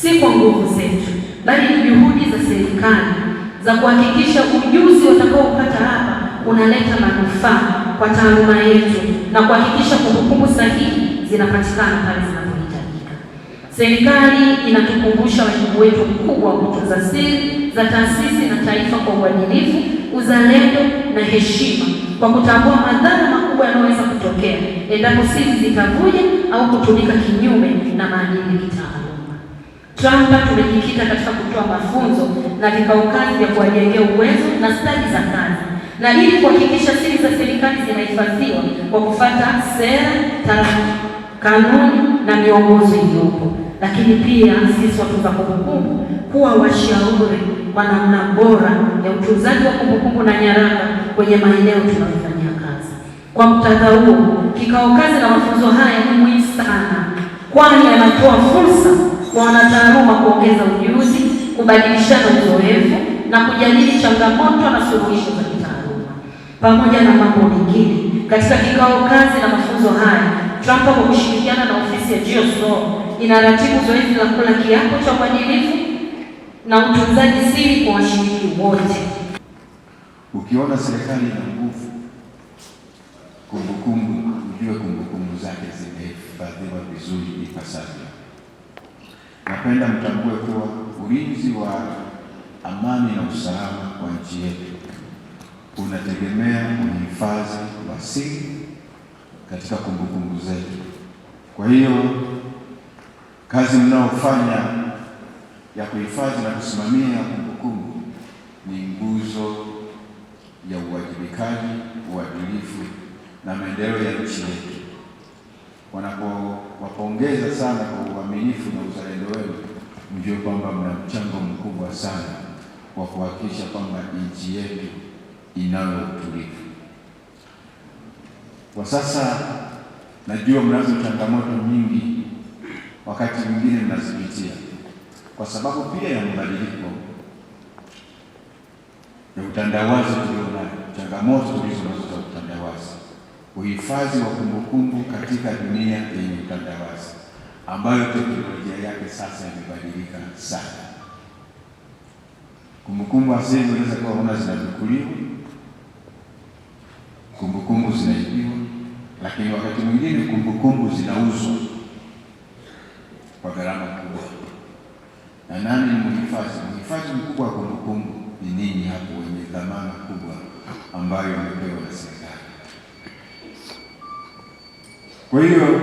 si kwa nguvu zetu, bali ni juhudi za serikali za kuhakikisha ujuzi utakaoupata hapa unaleta manufaa kwa taaluma yetu na kuhakikisha kumbukumbu sahihi zinapatikana pale zinapohitajika. Serikali inatukumbusha wajibu wetu mkubwa wa kutunza siri za taasisi na taifa kwa uadilifu, uzalendo na heshima, kwa kutambua madhara makubwa yanayoweza kutokea endapo siri zitavuja au kutumika kinyume na maadili kitaaluma. TRAMPA tumejikita katika kutoa mafunzo na vikao kazi vya kuwajengea uwezo na stadi za kazi, na ili kuhakikisha siri za serikali zinahifadhiwa kwa kufuata sera, tarakimu, kanuni na miongozo iliyopo, lakini pia sisi watunza kumbukumbu kuwa washauri kwa namna bora ya utunzaji wa kumbukumbu na nyaraka kwenye maeneo tunayofanyia kazi. Kwa muktadha huo, kikao kazi na mafunzo haya ni muhimu sana, kwani yanatoa fursa kwa wanataaluma kuongeza ujuzi, kubadilishana uzoefu na kujadili changamoto na suluhisho za kitaaluma, pamoja na mambo mengine. Katika kikao kazi na mafunzo haya, TRAMPA kwa kushirikiana na ofisi ya GeoSnow inaratibu zoezi la kula kiapo cha uadilifu na utunzaji siri kwa washiriki wote. Ukiona serikali ina nguvu, kumbukumbu, ujue kumbukumbu zake zimehifadhiwa vizuri ipasavyo. Napenda mtambue kuwa ulinzi wa amani na usalama kwa nchi yetu unategemea uhifadhi wa siri katika kumbukumbu zetu. Kwa hiyo kazi mnayofanya ya kuhifadhi na kusimamia kumbukumbu ni nguzo ya uwajibikaji, uadilifu na maendeleo ya nchi yetu. Wanapowapongeza sana kwa uaminifu na uzalendo wenu, mjue kwamba mna mchango mkubwa sana wa kuhakikisha kwamba nchi yetu inayo utulivu. Kwa sasa najua mnazo changamoto nyingi, wakati mwingine mnazipitia kwa sababu pia ya mabadiliko ya utandawazi tuliona changamoto tulizo nazo za utandawazi, uhifadhi wa kumbukumbu katika dunia yenye utandawazi ambayo teknolojia yake sasa imebadilika sana. Kumbukumbu asili inaweza kuwa huna, zinachukuliwa kumbukumbu zinaibiwa, lakini wakati mwingine kumbukumbu zinauzwa kwa gharama kubwa. Na nani mhifadhi? Mhifadhi mkubwa wa kumbukumbu ni nini hapo wenye dhamana kubwa ambayo mmepewa na serikali. Kwa hiyo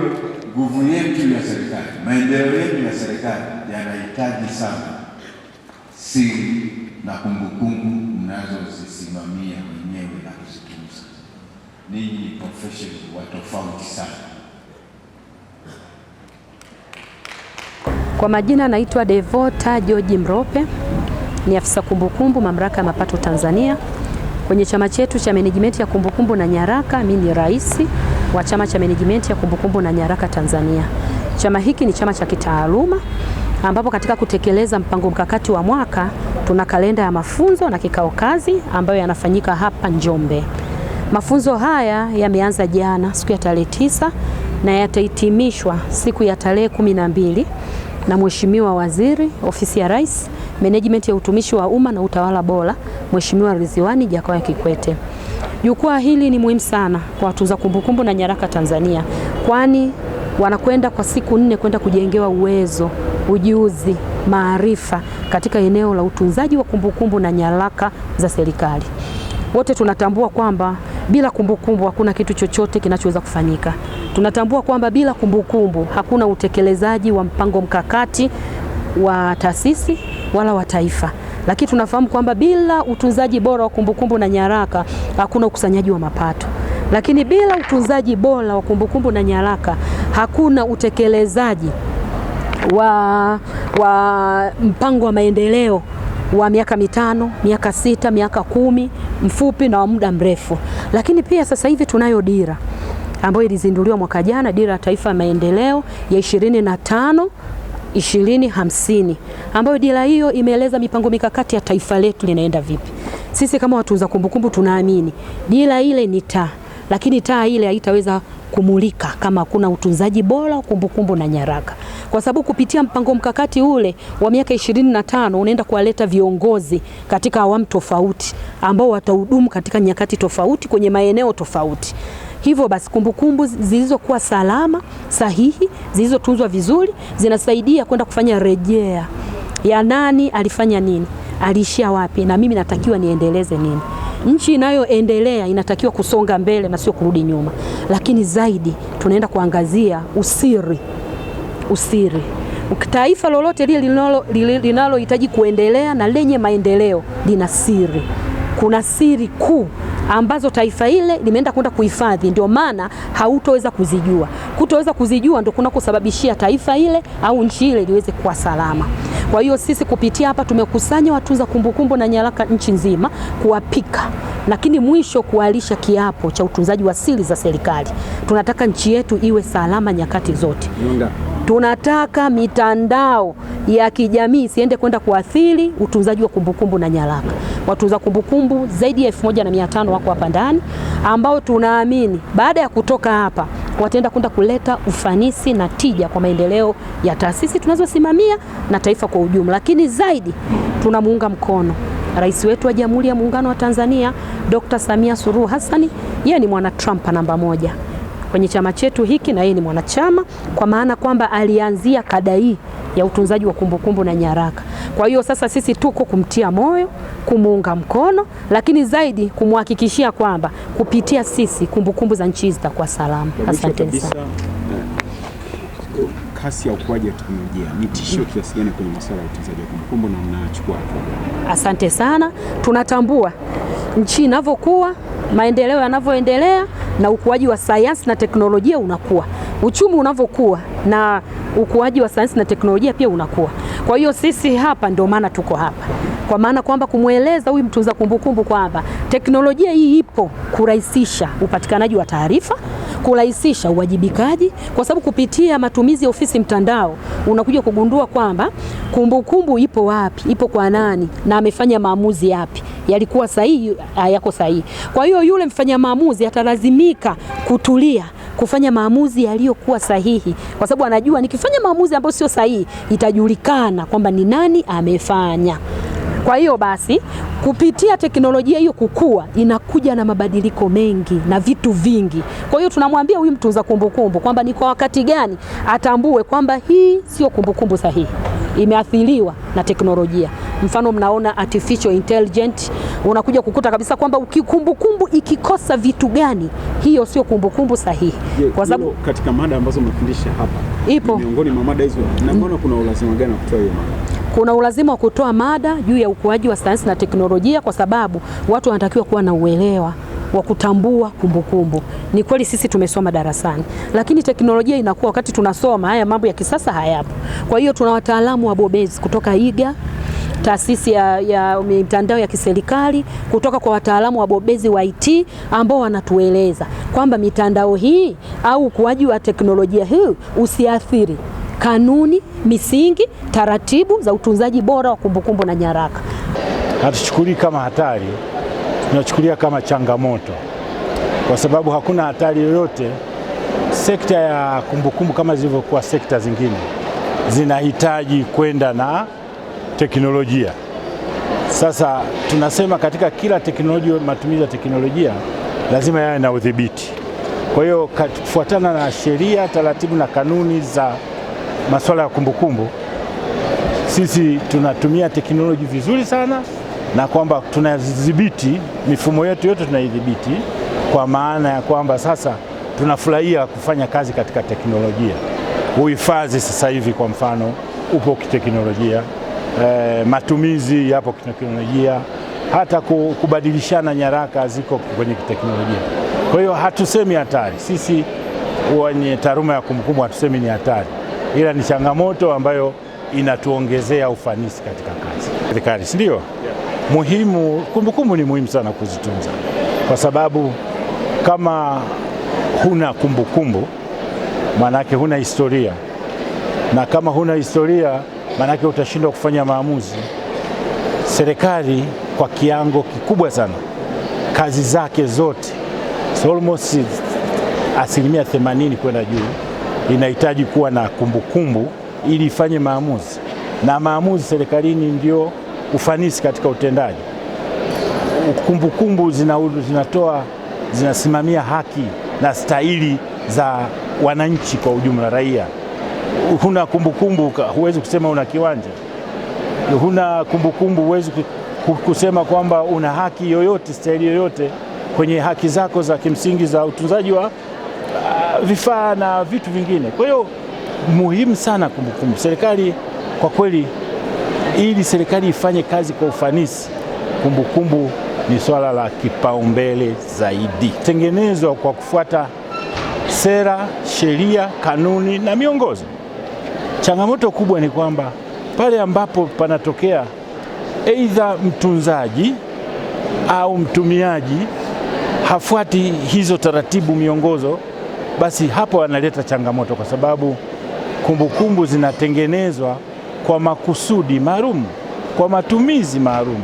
nguvu yetu ya serikali, maendeleo yetu ya serikali yanahitaji sana siri na kumbukumbu mnazozisimamia wenyewe na kuzitunza. Ninyi ni professional wa tofauti sana. Kwa majina naitwa Devota George Mrope, ni afisa kumbukumbu mamlaka ya mapato Tanzania. Kwenye chama chetu cha management ya kumbukumbu na nyaraka, mimi ni rais wa Chama cha management ya Kumbukumbu na Nyaraka Tanzania. Chama hiki ni chama cha kitaaluma ambapo katika kutekeleza mpango mkakati wa mwaka tuna kalenda ya mafunzo na kikao kazi ambayo yanafanyika hapa Njombe. Mafunzo haya yameanza jana siku ya tarehe tisa na yatahitimishwa siku ya tarehe kumi na mbili na Mheshimiwa Waziri Ofisi ya Rais, Menejimenti ya Utumishi wa Umma na Utawala Bora, Mheshimiwa Ridhiwani Jakaya Kikwete. Jukwaa hili ni muhimu sana kwa watunza kumbukumbu na nyaraka Tanzania, kwani wanakwenda kwa siku nne kwenda kujengewa uwezo, ujuzi, maarifa katika eneo la utunzaji wa kumbukumbu na nyaraka za serikali. Wote tunatambua kwamba bila kumbukumbu hakuna kitu chochote kinachoweza kufanyika. Tunatambua kwamba bila kumbukumbu hakuna utekelezaji wa mpango mkakati wa taasisi wala wa taifa lakini tunafahamu kwamba bila utunzaji bora wa kumbukumbu na nyaraka hakuna ukusanyaji wa mapato lakini bila utunzaji bora wa kumbukumbu na nyaraka hakuna utekelezaji wa, wa mpango wa maendeleo wa miaka mitano, miaka sita, miaka kumi, mfupi na wa muda mrefu. Lakini pia sasa hivi tunayo dira ambayo ilizinduliwa mwaka jana, dira ya taifa ya maendeleo ya ishirini na tano 2050 ambayo dira hiyo imeeleza mipango mikakati ya taifa letu linaenda vipi. Sisi kama watunza kumbukumbu tunaamini dira ile ni taa, lakini taa ile haitaweza kumulika kama kuna utunzaji bora kumbukumbu na nyaraka, kwa sababu kupitia mpango mkakati ule wa miaka ishirini na tano unaenda kuwaleta viongozi katika awamu tofauti ambao watahudumu katika nyakati tofauti kwenye maeneo tofauti. Hivyo basi kumbukumbu zilizokuwa salama, sahihi, zilizotunzwa vizuri zinasaidia kwenda kufanya rejea ya nani alifanya nini, aliishia wapi, na mimi natakiwa niendeleze nini. Nchi inayoendelea inatakiwa kusonga mbele na sio kurudi nyuma, lakini zaidi tunaenda kuangazia usiri, usiri taifa lolote lile linalohitaji kuendelea na lenye maendeleo lina siri kuna siri kuu ambazo taifa ile limeenda kwenda kuhifadhi, ndio maana hautoweza kuzijua. Kutoweza kuzijua ndio kunakosababishia taifa ile au nchi ile liweze kuwa salama. Kwa hiyo sisi kupitia hapa tumekusanya watunza kumbukumbu na nyaraka nchi nzima, kuwapika lakini mwisho kuwalisha kiapo cha utunzaji wa siri za serikali. Tunataka nchi yetu iwe salama nyakati zote. Yunga. Tunataka mitandao ya kijamii isiende kwenda kuathiri utunzaji wa kumbukumbu na nyaraka. Watunza kumbukumbu zaidi ya elfu moja na mia tano wako hapa ndani, ambao tunaamini baada ya kutoka hapa wataenda kwenda kuleta ufanisi na tija kwa maendeleo ya taasisi tunazosimamia na taifa kwa ujumla. Lakini zaidi tunamuunga mkono Rais wetu wa Jamhuri ya Muungano wa Tanzania Dr. Samia Suluhu Hassan. Yeye ni mwana Trump namba moja kwenye chama chetu hiki na yeye ni mwanachama, kwa maana kwamba alianzia kada hii ya utunzaji wa kumbukumbu na nyaraka. Kwa hiyo sasa sisi tuko kumtia moyo, kumuunga mkono, lakini zaidi kumhakikishia kwamba kupitia sisi kumbukumbu za nchi zitakuwa salama. Asante sana. Kasi ya ukuaji ya teknolojia ni tishio kiasi gani kwenye masuala ya utunzaji wa kumbukumbu na mnachukua hatua? Asante sana. Tunatambua nchi inavyokuwa, maendeleo yanavyoendelea na ukuaji wa sayansi na teknolojia unakuwa, uchumi unavyokuwa na ukuaji wa sayansi na teknolojia pia unakuwa. Kwa hiyo sisi hapa ndio maana tuko hapa, kwa maana kwamba kumweleza huyu mtunza kumbukumbu kwamba teknolojia hii ipo kurahisisha upatikanaji wa taarifa kurahisisha uwajibikaji, kwa sababu kupitia matumizi ya ofisi mtandao unakuja kugundua kwamba kumbukumbu ipo wapi, ipo kwa nani na amefanya maamuzi yapi yalikuwa sahihi, hayako sahihi. Kwa hiyo yule mfanya maamuzi atalazimika kutulia kufanya maamuzi yaliyokuwa sahihi, kwa sababu anajua nikifanya maamuzi ambayo sio sahihi itajulikana kwamba ni nani amefanya. Kwa hiyo basi kupitia teknolojia hiyo kukua, inakuja na mabadiliko mengi na vitu vingi. Kwa hiyo tunamwambia huyu mtunza kumbukumbu kwamba ni kwa wakati gani atambue kwamba hii sio kumbukumbu sahihi, imeathiriwa na teknolojia. Mfano, mnaona artificial intelligent, unakuja kukuta kabisa kwamba ukikumbukumbu ikikosa vitu gani, hiyo sio kumbukumbu sahihi. kwa sababu katika mada ambazo umefundisha hapa ipo miongoni mwa mada hizo, na mbona kuna ulazima gani wa kutoa hiyo mada? kuna ulazima wa kutoa mada juu ya ukuaji wa sayansi na teknolojia, kwa sababu watu wanatakiwa kuwa na uelewa wa kutambua kumbukumbu. Ni kweli sisi tumesoma darasani, lakini teknolojia inakuwa wakati tunasoma, haya mambo ya kisasa hayapo. Kwa hiyo tuna wataalamu wabobezi kutoka IGA taasisi ya, ya mitandao ya kiserikali kutoka kwa wataalamu wabobezi wa IT ambao wanatueleza kwamba mitandao hii au ukuaji wa teknolojia hii usiathiri kanuni misingi, taratibu za utunzaji bora wa kumbukumbu na nyaraka. Hatuchukulii kama hatari, tunachukulia kama changamoto, kwa sababu hakuna hatari yoyote. Sekta ya kumbukumbu kama zilivyokuwa sekta zingine zinahitaji kwenda na teknolojia. Sasa tunasema katika kila teknolojia, matumizi ya teknolojia lazima yawe na udhibiti. Kwa hiyo kufuatana na sheria, taratibu na kanuni za masuala ya kumbukumbu, sisi tunatumia teknoloji vizuri sana, na kwamba tunadhibiti mifumo yetu yote, tunaidhibiti kwa maana ya kwamba sasa tunafurahia kufanya kazi katika teknolojia. Uhifadhi sasa hivi kwa mfano upo kiteknolojia, e, matumizi yapo kiteknolojia, hata kubadilishana nyaraka ziko kwenye kiteknolojia. Kwa hiyo hatusemi hatari sisi wenye taaluma ya kumbukumbu, hatusemi ni hatari ila ni changamoto ambayo inatuongezea ufanisi katika kazi serikali, si ndio? Muhimu kumbukumbu ni muhimu sana kuzitunza, kwa sababu kama huna kumbukumbu maanake huna historia, na kama huna historia maanake utashindwa kufanya maamuzi. Serikali kwa kiango kikubwa sana kazi zake zote so almost asilimia 80 kwenda juu inahitaji kuwa na kumbukumbu kumbu, ili ifanye maamuzi na maamuzi serikalini ndio ufanisi katika utendaji. Kumbukumbu kumbu zinatoa zinasimamia haki na stahili za wananchi kwa ujumla, raia. Huna kumbukumbu huwezi kusema una kiwanja, huna kumbukumbu huwezi kusema kwamba una haki yoyote, stahili yoyote kwenye haki zako za kimsingi za utunzaji wa Uh, vifaa na vitu vingine. Kwa hiyo muhimu sana kumbukumbu. Serikali kwa kweli, ili serikali ifanye kazi kwa ufanisi, kumbukumbu ni swala la kipaumbele zaidi, tengenezwa kwa kufuata sera, sheria, kanuni na miongozo. Changamoto kubwa ni kwamba pale ambapo panatokea aidha mtunzaji au mtumiaji hafuati hizo taratibu, miongozo basi hapo analeta changamoto, kwa sababu kumbukumbu kumbu zinatengenezwa kwa makusudi maalum, kwa matumizi maalum.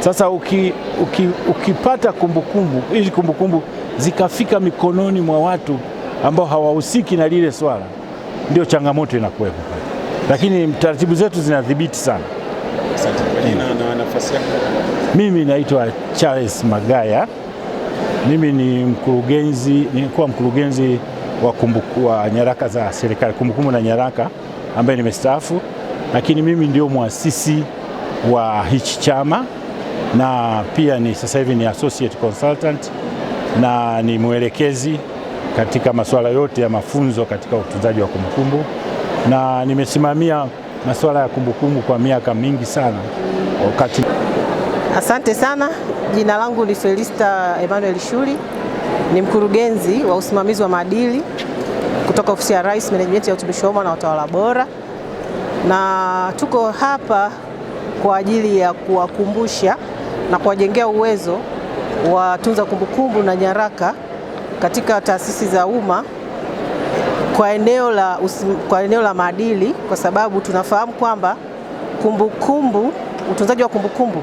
Sasa uki, uki, ukipata kumbukumbu hizi kumbu, kumbukumbu zikafika mikononi mwa watu ambao hawahusiki na lile swala, ndio changamoto inakuwepo, lakini taratibu zetu zinadhibiti sana. Asante. Mimi naitwa Charles Magaya. Mimi ni mkurugenzi, nilikuwa mkurugenzi wa, kumbuku, wa nyaraka za serikali, kumbukumbu na nyaraka, ambaye nimestaafu, lakini mimi ndio mwasisi wa hichi chama na pia ni sasa hivi ni associate consultant na ni mwelekezi katika masuala yote ya mafunzo katika utunzaji wa kumbukumbu na nimesimamia masuala ya kumbukumbu kwa miaka mingi sana wakati. Asante sana. Jina langu ni Felista Emmanuel Shuli, ni mkurugenzi wa usimamizi wa maadili kutoka ofisi ya Rais, Menejimenti ya Utumishi wa Umma na Utawala Bora, na tuko hapa kwa ajili ya kuwakumbusha na kuwajengea uwezo wa tunza kumbukumbu na nyaraka katika taasisi za umma kwa eneo la, kwa eneo la maadili, kwa sababu tunafahamu kwamba kumbukumbu, utunzaji wa kumbukumbu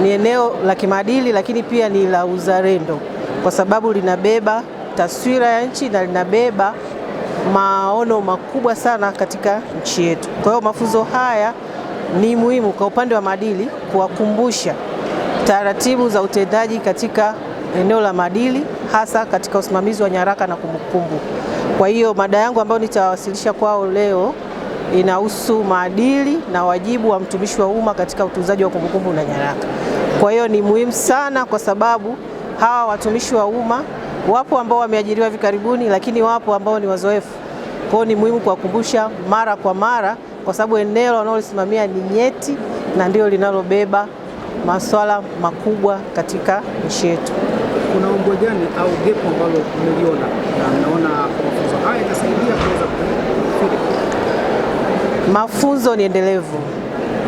ni eneo la kimaadili, lakini pia ni la uzalendo, kwa sababu linabeba taswira ya nchi na linabeba maono makubwa sana katika nchi yetu. Kwa hiyo mafunzo haya ni muhimu kwa upande wa maadili, kuwakumbusha taratibu za utendaji katika eneo la maadili, hasa katika usimamizi wa nyaraka na kumbukumbu. Kwa hiyo mada yangu ambayo nitawasilisha kwao leo inahusu maadili na wajibu wa mtumishi wa umma katika utunzaji wa kumbukumbu na nyaraka. Kwa hiyo ni muhimu sana, kwa sababu hawa watumishi wa umma wapo ambao wameajiriwa hivi karibuni, lakini wapo ambao ni wazoefu. Kwa hiyo ni muhimu kuwakumbusha mara kwa mara, kwa sababu eneo wanalosimamia ni nyeti na ndio linalobeba masuala makubwa katika nchi yetu. Kuna umbo gani au gepo ambalo umeliona na naona kwa mafunzo haya sasa mafunzo ni endelevu.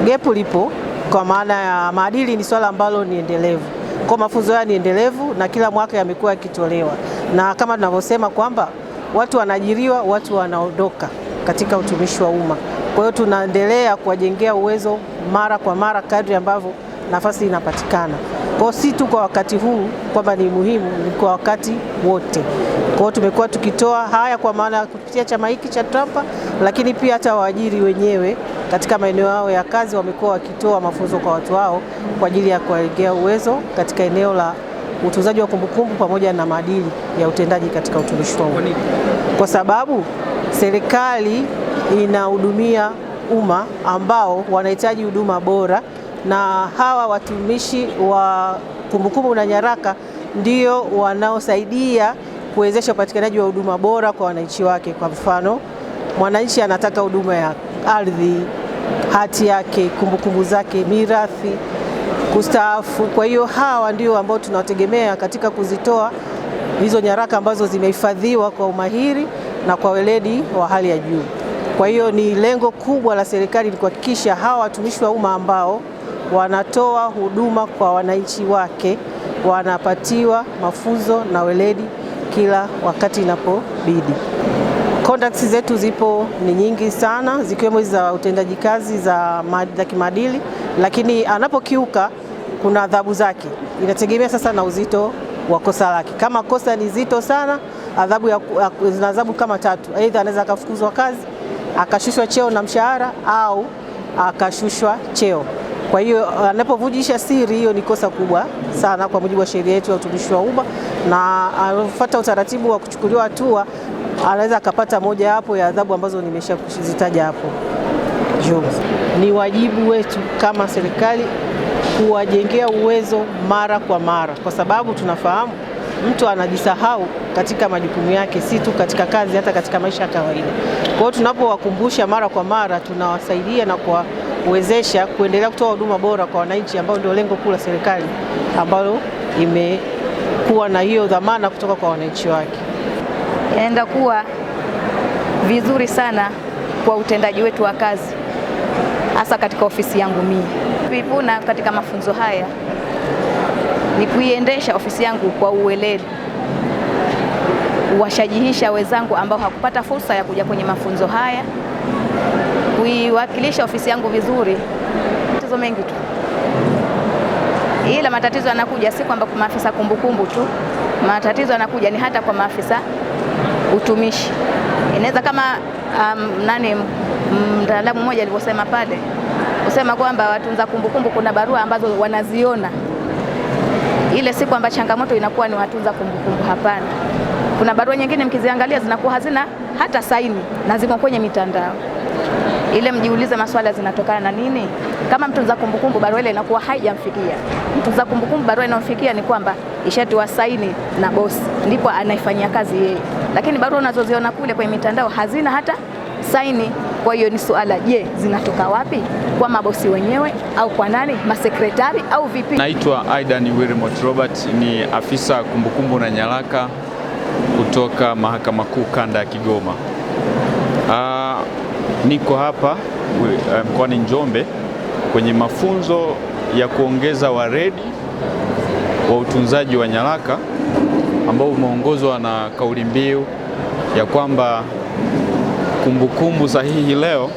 Gepu lipo kwa maana ya maadili ni swala ambalo ni endelevu. Kwa mafunzo haya ni endelevu na kila mwaka yamekuwa yakitolewa, na kama tunavyosema kwamba watu wanaajiriwa, watu wanaondoka katika utumishi wa umma. Kwa hiyo tunaendelea kuwajengea uwezo mara kwa mara kadri ambavyo nafasi inapatikana. Kwa si tu kwa wakati huu kwamba ni muhimu, ni kwa wakati wote kwao. tumekuwa tukitoa haya kwa maana ya kupitia chama hiki cha TRAMPA, lakini pia hata waajiri wenyewe katika maeneo yao ya kazi wamekuwa wakitoa mafunzo kwa watu wao kwa ajili ya kuwajengea uwezo katika eneo la utunzaji wa kumbukumbu pamoja na maadili ya utendaji katika utumishi wa umma, kwa sababu serikali inahudumia umma ambao wanahitaji huduma bora, na hawa watumishi wa kumbukumbu na nyaraka ndio wanaosaidia kuwezesha upatikanaji wa huduma bora kwa wananchi wake. Kwa mfano, mwananchi anataka huduma ya ardhi, hati yake, kumbukumbu zake, mirathi, kustaafu. Kwa hiyo hawa ndio ambao tunawategemea katika kuzitoa hizo nyaraka ambazo zimehifadhiwa kwa umahiri na kwa weledi wa hali ya juu. Kwa hiyo ni lengo kubwa la serikali ni kuhakikisha hawa watumishi wa umma ambao wanatoa huduma kwa wananchi wake wanapatiwa mafunzo na weledi kila wakati inapobidi. Contracts zetu zipo ni nyingi sana, zikiwemo za utendaji kazi za, za kimaadili, lakini anapokiuka kuna adhabu zake, inategemea sasa na uzito wa kosa lake. Kama kosa ni zito sana, adhabu ya, adhabu kama tatu, aidha anaweza akafukuzwa kazi, akashushwa cheo na mshahara au akashushwa cheo. Kwa hiyo uh, anapovujisha siri hiyo ni kosa kubwa sana kwa mujibu wa sheria yetu ya utumishi wa umma, na anafuata utaratibu wa kuchukuliwa hatua anaweza akapata moja hapo ya adhabu ambazo nimesha kuzitaja hapo. Ni wajibu wetu kama serikali kuwajengea uwezo mara kwa mara, kwa sababu tunafahamu mtu anajisahau katika majukumu yake, si tu katika kazi, hata katika maisha ya kawaida. Kwa hiyo tunapowakumbusha mara kwa mara, tunawasaidia na kwa kuwezesha kuendelea kutoa huduma bora kwa wananchi, ambao ndio lengo kuu la serikali ambalo imekuwa na hiyo dhamana kutoka kwa wananchi wake. Inaenda kuwa vizuri sana kwa utendaji wetu wa kazi, hasa katika ofisi yangu mimi. Vivuna katika mafunzo haya ni kuiendesha ofisi yangu kwa uweledi, kuwashajihisha wenzangu ambao hakupata fursa ya kuja kwenye mafunzo haya kuiwakilisha ofisi yangu vizuri. Matatizo mengi tu, ila matatizo yanakuja si kwamba kwa maafisa kumbukumbu tu, matatizo yanakuja ni hata kwa maafisa utumishi. Inaweza kama um, nani mtaalamu mmoja alivyosema pale, kusema kwamba watunza kumbukumbu kuna barua ambazo wanaziona ile si kwamba changamoto inakuwa ni watunza kumbukumbu, hapana. Kuna barua nyingine mkiziangalia zinakuwa hazina hata saini na ziko kwenye mitandao ile mjiulize maswala zinatokana na nini. Kama mtunza kumbukumbu barua ile inakuwa haijamfikia mtunza kumbukumbu, barua inayomfikia ni kwamba ishatiwa saini na bosi, ndipo anaifanyia kazi yeye, lakini barua unazoziona kule kwenye mitandao hazina hata saini. Kwa hiyo ni suala, je, zinatoka wapi? Kwa mabosi wenyewe au kwa nani? Masekretari au vipi? Naitwa Aidan Wilmot Robert, ni afisa kumbukumbu na nyaraka kutoka Mahakama Kuu Kanda ya Kigoma. Aa, ah, Niko hapa eh, mkoani Njombe kwenye mafunzo ya kuongeza waredi wa utunzaji wa nyaraka ambao umeongozwa na kauli mbiu ya kwamba kumbukumbu sahihi leo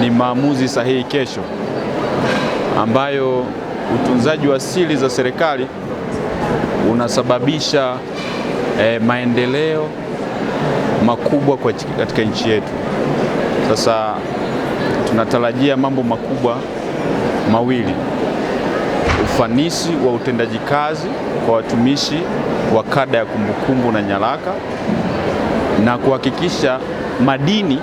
ni maamuzi sahihi kesho, ambayo utunzaji wa siri za serikali unasababisha eh, maendeleo makubwa katika nchi yetu. Sasa tunatarajia mambo makubwa mawili: ufanisi wa utendaji kazi kwa watumishi wa kada ya kumbukumbu na nyaraka, na kuhakikisha madini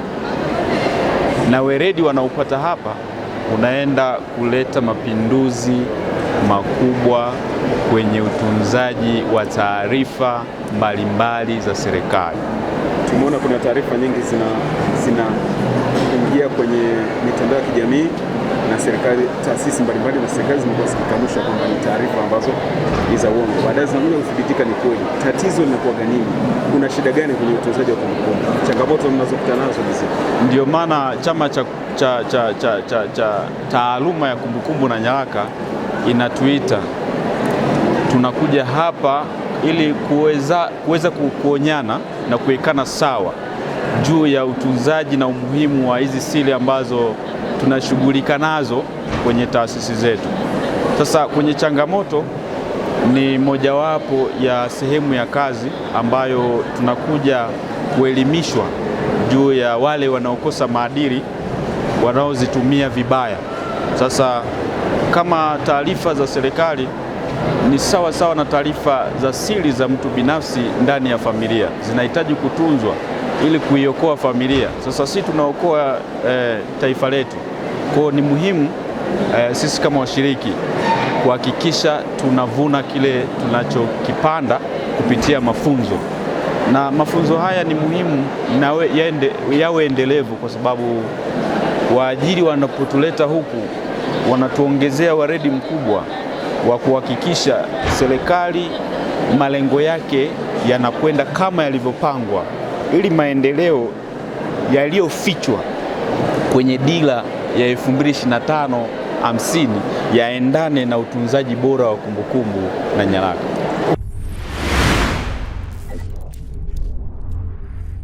na weredi wanaopata hapa unaenda kuleta mapinduzi makubwa kwenye utunzaji wa taarifa mbalimbali za serikali. Tumeona kuna taarifa nyingi zina, zina kuingia kwenye mitandao ya kijamii na serikali, taasisi mbalimbali na serikali zimekuwa zikikanusha kwamba ni taarifa ambazo ni za uongo, baadaye zinakuja kuthibitika ni kweli. Tatizo linakuwaga nini? Kuna shida gani kwenye utunzaji wa kumbukumbu? Changamoto mnazokutana nazo ni zipi? Ndio maana chama cha, cha, cha, cha, cha, cha taaluma ya kumbukumbu na nyaraka inatuita tunakuja hapa ili kuweza kuweza kuonyana na kuwekana sawa juu ya utunzaji na umuhimu wa hizi siri ambazo tunashughulika nazo kwenye taasisi zetu. Sasa kwenye changamoto ni mojawapo ya sehemu ya kazi ambayo tunakuja kuelimishwa juu ya wale wanaokosa maadili wanaozitumia vibaya. Sasa kama taarifa za serikali ni sawa sawa na taarifa za siri za mtu binafsi ndani ya familia, zinahitaji kutunzwa ili kuiokoa familia. Sasa sisi tunaokoa e, taifa letu. Kwao ni muhimu e, sisi kama washiriki kuhakikisha tunavuna kile tunachokipanda kupitia mafunzo, na mafunzo haya ni muhimu na yende, yawe endelevu, kwa sababu waajiri wanapotuleta huku wanatuongezea waredi mkubwa wa kuhakikisha serikali malengo yake yanakwenda kama yalivyopangwa ili maendeleo yaliyofichwa kwenye dira ya 2025 50 yaendane na utunzaji bora wa kumbukumbu na nyaraka.